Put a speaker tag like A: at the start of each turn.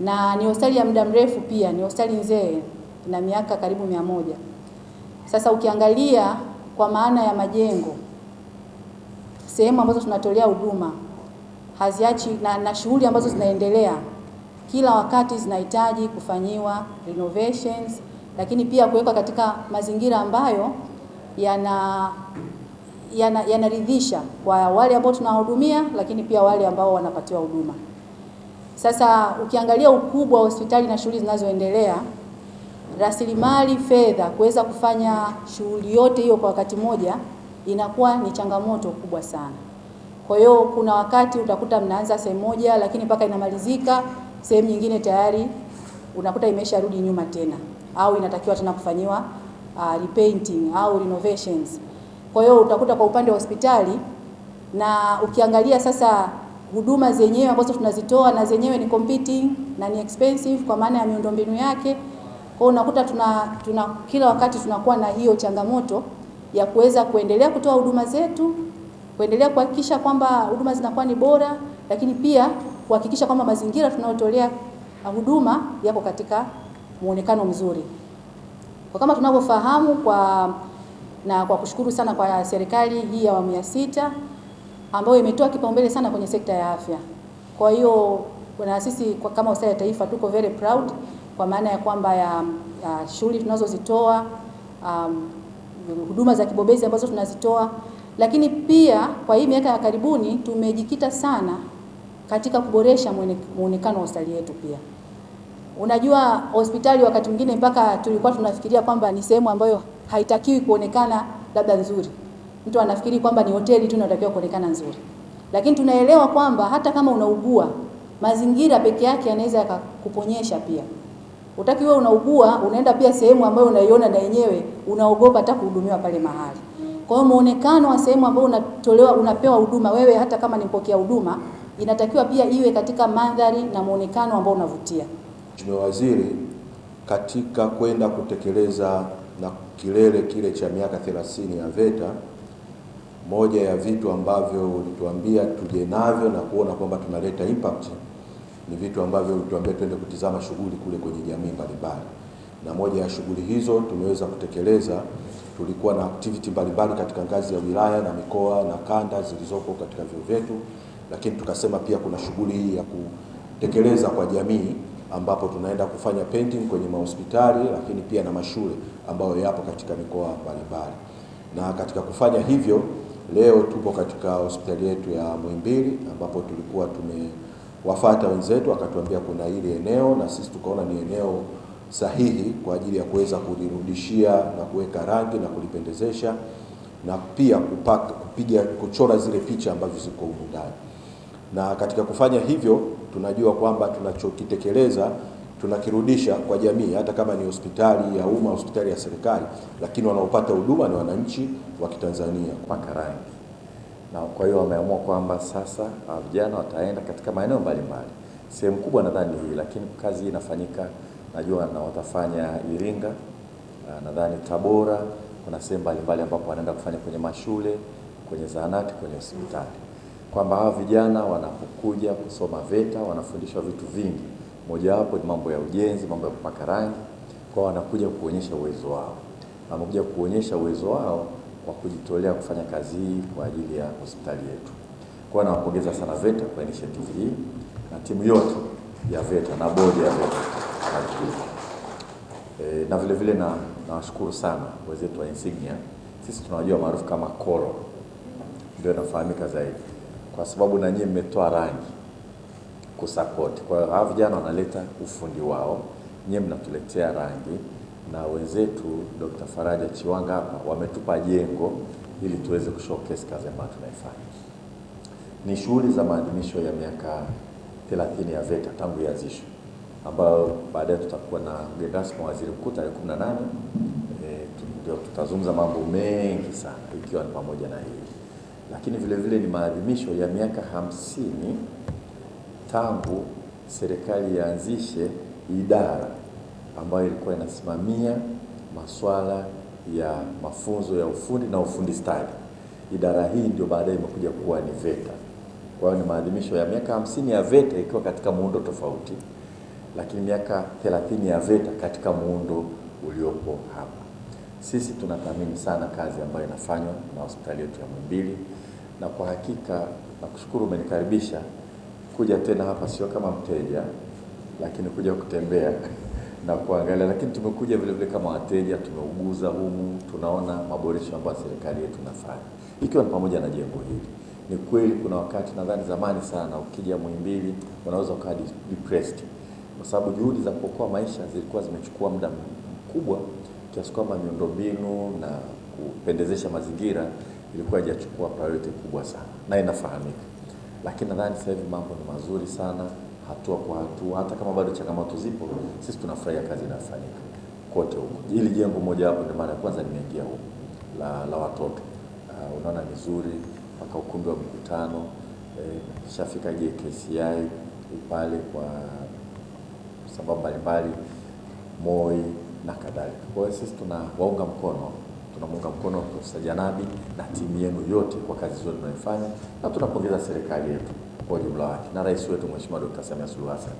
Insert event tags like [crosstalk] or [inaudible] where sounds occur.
A: na ni hospitali ya muda mrefu pia, ni hospitali nzee na miaka karibu mia moja. Sasa ukiangalia kwa maana ya majengo, sehemu ambazo tunatolea huduma haziachi na, na shughuli ambazo zinaendelea kila wakati zinahitaji kufanyiwa renovations, lakini pia kuwekwa katika mazingira ambayo yana yanaridhisha yana kwa wale ambao tunawahudumia, lakini pia wale ambao wanapatiwa huduma. Sasa ukiangalia ukubwa wa hospitali na shughuli zinazoendelea, rasilimali fedha kuweza kufanya shughuli yote hiyo kwa wakati mmoja inakuwa ni changamoto kubwa sana. Kwa hiyo kuna wakati utakuta mnaanza sehemu moja, lakini mpaka inamalizika sehemu nyingine tayari unakuta imesharudi nyuma tena, au inatakiwa tena kufanyiwa uh, repainting au renovations. Kwa hiyo utakuta kwa upande wa hospitali na ukiangalia sasa huduma zenyewe ambazo tunazitoa na zenyewe ni competing na ni expensive kwa maana ya miundombinu yake. Kwa hiyo unakuta tuna, tuna kila wakati tunakuwa na hiyo changamoto ya kuweza kuendelea kutoa huduma zetu, kuendelea kuhakikisha kwamba huduma zinakuwa ni bora, lakini pia kuhakikisha kwamba mazingira tunayotolea huduma yako katika muonekano mzuri. Kwa kama tunavyofahamu kwa na kwa kushukuru sana kwa serikali hii ya awamu ya sita ambayo imetoa kipaumbele sana kwenye sekta ya afya. Kwa hiyo na sisi kama hospitali ya taifa tuko very proud kwa maana ya kwamba ya, ya shughuli tunazozitoa um, huduma za kibobezi ambazo tunazitoa, lakini pia kwa hii miaka ya karibuni tumejikita sana katika kuboresha muonekano wa hospitali yetu. Pia unajua, hospitali wakati mwingine mpaka tulikuwa tunafikiria kwamba ni sehemu ambayo haitakiwi kuonekana labda nzuri, Mtu anafikiri kwamba ni hoteli tu inatakiwa kuonekana nzuri, lakini tunaelewa kwamba hata kama unaugua mazingira peke yake yanaweza yakakuponyesha pia. Utaki wewe unaugua unaenda pia sehemu ambayo unaiona na yenyewe unaogopa hata kuhudumiwa pale mahali. Kwa hiyo muonekano wa sehemu ambayo unatolewa unapewa huduma wewe, hata kama ni mpokea huduma, inatakiwa pia iwe katika mandhari na muonekano ambao unavutia.
B: Mheshimiwa Waziri, katika kwenda kutekeleza na kilele kile cha miaka 30 ya VETA moja ya vitu ambavyo ulituambia tuje navyo na kuona kwamba tunaleta impact ni vitu ambavyo ulituambia twende kutizama shughuli kule kwenye jamii mbalimbali, na moja ya shughuli hizo tumeweza kutekeleza. Tulikuwa na activity mbalimbali katika ngazi ya wilaya na mikoa na kanda zilizopo katika vyuo vyetu, lakini tukasema pia kuna shughuli hii ya kutekeleza kwa jamii ambapo tunaenda kufanya painting kwenye mahospitali lakini pia na mashule ambayo yapo katika mikoa mbalimbali, na katika kufanya hivyo Leo tupo katika hospitali yetu ya Muhimbili ambapo tulikuwa tumewafata wenzetu, akatuambia kuna ile eneo, na sisi tukaona ni eneo sahihi kwa ajili ya kuweza kulirudishia na kuweka rangi na kulipendezesha na pia kupaka, kupiga, kuchora zile picha ambazo ziko humu ndani, na katika kufanya hivyo tunajua kwamba tunachokitekeleza tunakirudisha kwa jamii, hata kama ni hospitali ya umma, hospitali ya serikali, lakini wanaopata huduma ni wananchi wa Kitanzania. Paka rangi na kwa hiyo wameamua kwamba sasa ah, vijana wataenda katika maeneo mbalimbali. Sehemu kubwa nadhani hii, lakini kazi hii inafanyika najua, na watafanya Iringa, ah, nadhani Tabora, kuna sehemu mbalimbali ambapo wanaenda kufanya kwenye mashule, kwenye zahanati, kwenye hospitali, kwamba hawa vijana wanapokuja kusoma VETA wanafundishwa vitu vingi. Mojawapo ni mambo ya ujenzi, mambo ya kupaka rangi, kwa wanakuja kuonyesha uwezo wao, wanakuja kuonyesha uwezo wao kwa kujitolea kufanya kazi hii kwa ajili ya hospitali yetu. Kwa nawapongeza sana VETA kwa initiative hii na timu yote ya VETA na bodi ya VETA e, na vile vile na nawashukuru sana wenzetu wa Insignia. Sisi tunawajua maarufu kama Koro, ndio inafahamika zaidi kwa sababu na nyinyi mmetoa rangi kusupport. Kwa hiyo hawa vijana wanaleta ufundi wao, nyie mnatuletea rangi, na wenzetu Dr. Faraja Chiwanga hapa wametupa jengo ili tuweze kushowcase kazi ambayo tunaifanya. Ni shughuli za maadhimisho ya miaka 30 ya VETA tangu ianzishwe, ambayo baadaye tutakuwa na mgeni rasmi waziri mkuu tarehe 18 eh, ndio tutazungumza mambo mengi sana ikiwa ni pamoja na hili, lakini vile vile ni maadhimisho ya miaka hamsini tangu serikali ianzishe idara ambayo ilikuwa inasimamia masuala ya mafunzo ya ufundi na ufundi stadi. Idara hii ndio baadaye imekuja kuwa ni VETA. Kwa hiyo ni maadhimisho ya miaka hamsini ya VETA ikiwa katika muundo tofauti, lakini miaka thelathini ya VETA katika muundo uliopo hapa. Sisi tunathamini sana kazi ambayo inafanywa na hospitali yetu ya Muhimbili, na kwa hakika nakushukuru umenikaribisha kuja tena hapa sio kama mteja, lakini kuja kutembea [laughs] na kuangalia, lakini tumekuja vile vile kama wateja, tumeuguza humu, tunaona maboresho ambayo serikali yetu inafanya, ikiwa ni pamoja na jengo hili. Ni kweli kuna wakati nadhani zamani sana ukija Muhimbili unaweza ukawa depressed, kwa sababu juhudi za kuokoa maisha zilikuwa zimechukua muda mkubwa kiasi kwamba miundombinu na kupendezesha mazingira ilikuwa haijachukua priority kubwa sana, na inafahamika lakini nadhani sasa hivi mambo ni mazuri sana, hatua kwa hatua. Hata kama bado changamoto zipo, sisi tunafurahia kazi inayofanyika kote huko. Hili jengo moja hapo ndio mara ya kwanza nimeingia huko la, la watoto uh, unaona ni zuri mpaka ukumbi wa mkutano eh, nishafika eh, JKCI pale kwa sababu mbalimbali MOI na kadhalika. Kwa hiyo sisi tunawaunga mkono tunamuunga mkono Profesa Janabi na timu yenu yote kwa kazi zote mnayofanya, na tunapongeza serikali yetu kwa ujumla wake na rais wetu Mheshimiwa Dr. Samia Suluhu Hassan.